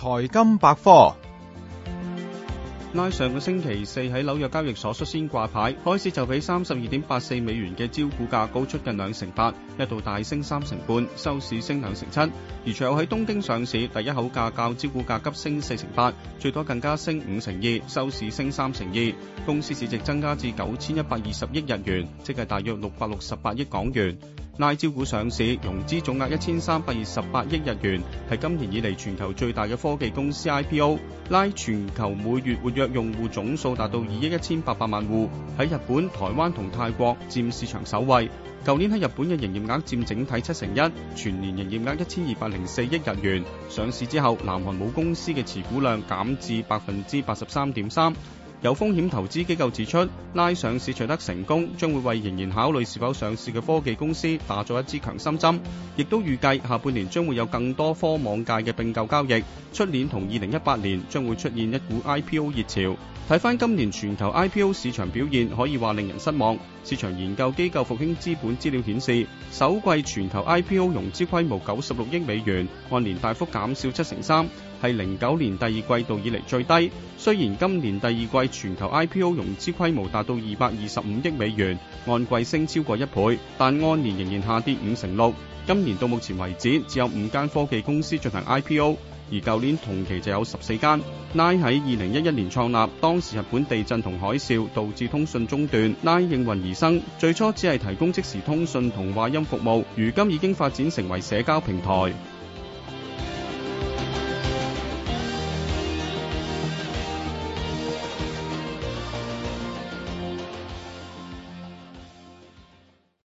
財金百科，LINE 上個星期四喺紐約交易所率先掛牌，開始就比三十二點八四美元嘅招股價高出近兩成八，一度大升三成半，收市升兩成七。而隨後喺東京上市，第一口價較招股價急升四成八，最多更加升五成二，收市升三成二，公司市值增加至九千一百二十億日元，即係大約六百六十八億港元。LINE 招股上市，融資總額一千三百二十八億日元，係今年以嚟全球最大嘅科技公司 IPO。LINE 全球每月活躍用戶總數達到二億一千八百萬戶，喺日本、台灣同泰國佔市場首位。舊年喺日本嘅營業額佔整體七成一，全年營業額一千二百零四億日元。上市之後，南韓母公司嘅持股量減至百分之八十三點三。有風險投資機構指出，LINE 上市取得成功，將會為仍然考慮是否上市嘅科技公司打咗一支強心針。亦都預計下半年將會有更多科網界嘅並購交易，出年同二零一八年將會出現一股 IPO 熱潮。睇返今年全球 IPO 市場表現，可以話令人失望。市場研究機構復興資本資料顯示，首季全球 IPO 融資規模九十六億美元，按年大幅減少七成三，係零九年第二季度以嚟最低。雖然今年第二季，全球 IPO 融資規模達到二百二十五億美元，按季升超過一倍，但按年仍然下跌五成六。今年到目前為止，只有五間科技公司進行 IPO，而舊年同期就有十四間。LINE 喺二零一一年創立，當時日本地震同海嘯導致通訊中斷，LINE 應運而生。最初只係提供即時通訊同話音服務，如今已經發展成為社交平台。